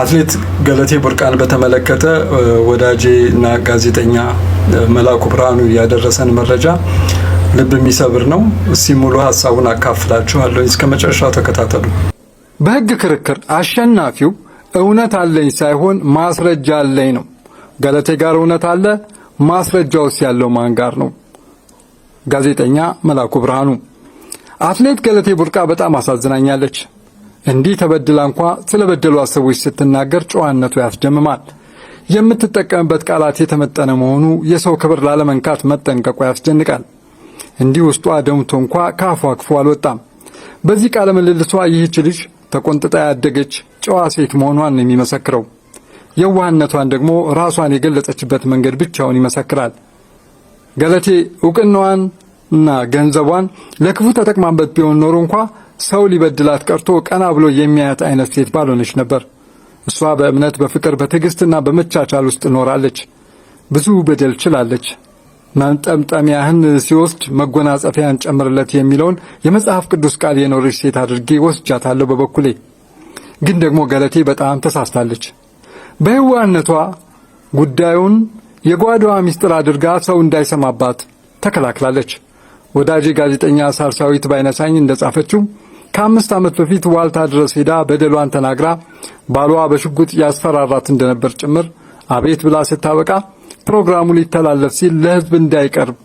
አትሌት ገለቴ ቡርቃን በተመለከተ ወዳጄ እና ጋዜጠኛ መላኩ ብርሃኑ ያደረሰን መረጃ ልብ የሚሰብር ነው። እስቲ ሙሉ ሀሳቡን አካፍላችኋለሁ። እስከ መጨረሻው ተከታተሉ። በህግ ክርክር አሸናፊው እውነት አለኝ ሳይሆን ማስረጃ አለኝ ነው። ገለቴ ጋር እውነት አለ፣ ማስረጃውስ ያለው ማን ጋር ነው? ጋዜጠኛ መላኩ ብርሃኑ አትሌት ገለቴ ቡርቃ በጣም አሳዝናኛለች። እንዲህ ተበድላ እንኳ ስለ በደሏት ሰዎች ስትናገር ጨዋነቱ ያስደምማል። የምትጠቀምበት ቃላት የተመጠነ መሆኑ የሰው ክብር ላለመንካት መጠንቀቋ ያስደንቃል። እንዲህ ውስጧ ደምቶ እንኳ ከአፏ ክፉ አልወጣም። በዚህ ቃለ ምልልሷ ይህች ልጅ ተቆንጥጣ ያደገች ጨዋ ሴት መሆኗን ነው የሚመሰክረው። የዋህነቷን ደግሞ ራሷን የገለጸችበት መንገድ ብቻውን ይመሰክራል። ገለቴ እውቅናዋን እና ገንዘቧን ለክፉ ተጠቅማበት ቢሆን ኖሮ እንኳ ሰው ሊበድላት ቀርቶ ቀና ብሎ የሚያያት አይነት ሴት ባልሆነች ነበር። እሷ በእምነት በፍቅር፣ በትዕግሥትና በመቻቻል ውስጥ ኖራለች። ብዙ በደል ችላለች። መንጠምጠሚያህን ሲወስድ መጎናጸፊያን ጨምርለት የሚለውን የመጽሐፍ ቅዱስ ቃል የኖረች ሴት አድርጌ ወስጃታለሁ። በበኩሌ ግን ደግሞ ገለቴ በጣም ተሳስታለች። በሕዋነቷ ጉዳዩን የጓዳዋ ምስጢር አድርጋ ሰው እንዳይሰማባት ተከላክላለች። ወዳጄ ጋዜጠኛ ሳርሳዊት ባይነሳኝ እንደጻፈችው ከአምስት ዓመት በፊት ዋልታ ድረስ ሄዳ በደሏን ተናግራ ባሏ በሽጉጥ ያስፈራራት እንደነበር ጭምር አቤት ብላ ስታበቃ ፕሮግራሙ ሊተላለፍ ሲል ለሕዝብ እንዳይቀርብ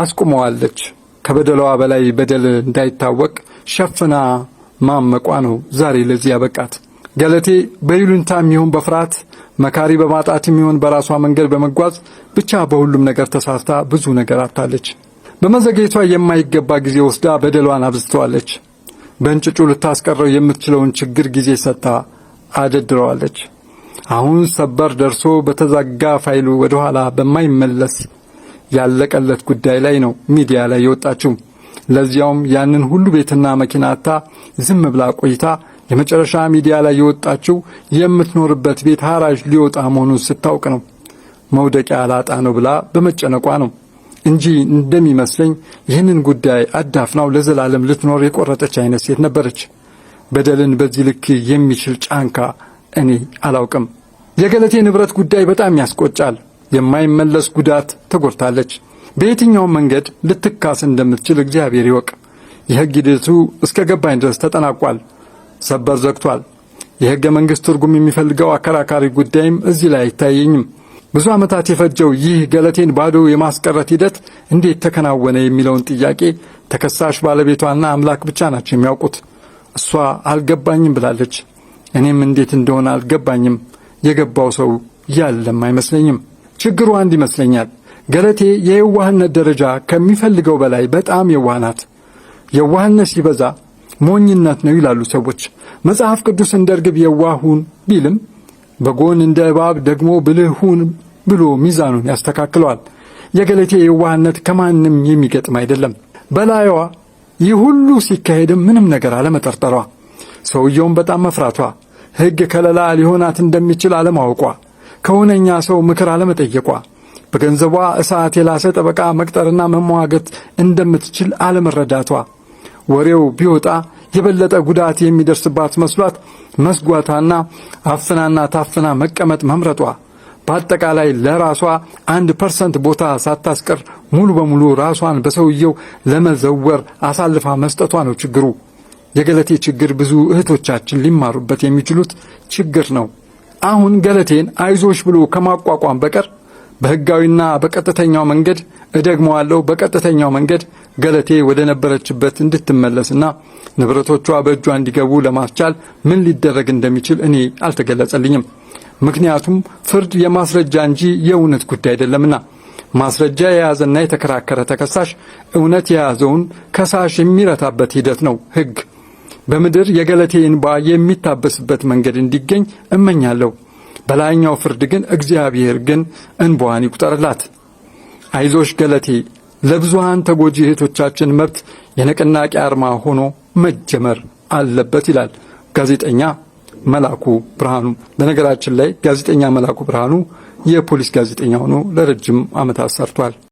አስቁመዋለች። ከበደሏ በላይ በደል እንዳይታወቅ ሸፍና ማመቋ ነው ዛሬ ለዚህ ያበቃት። ገለቴ በይሉንታ ይሁን በፍርሃት መካሪ በማጣት የሚሆን በራሷ መንገድ በመጓዝ ብቻ በሁሉም ነገር ተሳስታ ብዙ ነገር አታለች። በመዘግየቷ የማይገባ ጊዜ ወስዳ በደሏን አብዝተዋለች። በእንጭጩ ልታስቀረው የምትችለውን ችግር ጊዜ ሰጥታ አደድረዋለች። አሁን ሰበር ደርሶ በተዛጋ ፋይሉ ወደ ኋላ በማይመለስ ያለቀለት ጉዳይ ላይ ነው ሚዲያ ላይ የወጣችው። ለዚያውም ያንን ሁሉ ቤትና መኪና አታ ዝም ብላ ቆይታ የመጨረሻ ሚዲያ ላይ የወጣችው የምትኖርበት ቤት ሐራጅ ሊወጣ መሆኑን ስታውቅ ነው። መውደቂያ አላጣ ነው ብላ በመጨነቋ ነው። እንጂ እንደሚመስለኝ ይህንን ጉዳይ አዳፍናው ለዘላለም ልትኖር የቆረጠች አይነት ሴት ነበረች። በደልን በዚህ ልክ የሚችል ጫንካ እኔ አላውቅም። የገለቴ ንብረት ጉዳይ በጣም ያስቆጫል። የማይመለስ ጉዳት ተጎድታለች። በየትኛውም መንገድ ልትካስ እንደምትችል እግዚአብሔር ይወቅ። የሕግ ሂደቱ እስከ ገባኝ ድረስ ተጠናቋል። ሰበር ዘግቷል። የሕገ መንግሥት ትርጉም የሚፈልገው አከራካሪ ጉዳይም እዚህ ላይ አይታየኝም። ብዙ ዓመታት የፈጀው ይህ ገለቴን ባዶ የማስቀረት ሂደት እንዴት ተከናወነ የሚለውን ጥያቄ ተከሳሽ ባለቤቷና አምላክ ብቻ ናቸው የሚያውቁት። እሷ አልገባኝም ብላለች። እኔም እንዴት እንደሆነ አልገባኝም። የገባው ሰው ያለም አይመስለኝም። ችግሩ አንድ ይመስለኛል። ገለቴ የየዋህነት ደረጃ ከሚፈልገው በላይ በጣም የዋህ ናት። የዋህነት ሲበዛ ሞኝነት ነው ይላሉ ሰዎች። መጽሐፍ ቅዱስ እንደ እርግብ የዋሁን ቢልም በጎን እንደ እባብ ደግሞ ብልህ ሁን ብሎ ሚዛኑን ያስተካክለዋል። የገለቴ የዋህነት ከማንም የሚገጥም አይደለም። በላዩዋ ይህ ሁሉ ሲካሄድም ምንም ነገር አለመጠርጠሯ፣ ሰውየውን በጣም መፍራቷ፣ ሕግ ከለላ ሊሆናት እንደሚችል አለማወቋ፣ ከሁነኛ ሰው ምክር አለመጠየቋ፣ በገንዘቧ እሳት የላሰ ጠበቃ መቅጠርና መሟገት እንደምትችል አለመረዳቷ፣ ወሬው ቢወጣ የበለጠ ጉዳት የሚደርስባት መስሏት መስጓታና አፍናና ታፍና መቀመጥ መምረጧ በአጠቃላይ ለራሷ አንድ ፐርሰንት ቦታ ሳታስቀር ሙሉ በሙሉ ራሷን በሰውየው ለመዘወር አሳልፋ መስጠቷ ነው ችግሩ። የገለቴ ችግር ብዙ እህቶቻችን ሊማሩበት የሚችሉት ችግር ነው። አሁን ገለቴን አይዞሽ ብሎ ከማቋቋም በቀር በህጋዊና በቀጥተኛው መንገድ እደግመዋለሁ፣ በቀጥተኛው መንገድ ገለቴ ወደ ነበረችበት እንድትመለስና ንብረቶቿ በእጇ እንዲገቡ ለማስቻል ምን ሊደረግ እንደሚችል እኔ አልተገለጸልኝም። ምክንያቱም ፍርድ የማስረጃ እንጂ የእውነት ጉዳይ አይደለምና ማስረጃ የያዘና የተከራከረ ተከሳሽ እውነት የያዘውን ከሳሽ የሚረታበት ሂደት ነው ሕግ። በምድር የገለቴ እንባ የሚታበስበት መንገድ እንዲገኝ እመኛለሁ። በላይኛው ፍርድ ግን እግዚአብሔር ግን እንባዋን ይቁጠርላት። አይዞሽ ገለቴ ለብዙሃን ተጎጂ እህቶቻችን መብት የንቅናቄ አርማ ሆኖ መጀመር አለበት ይላል ጋዜጠኛ መላኩ ብርሃኑ። በነገራችን ላይ ጋዜጠኛ መላኩ ብርሃኑ የፖሊስ ጋዜጠኛ ሆኖ ለረጅም ዓመታት ሰርቷል።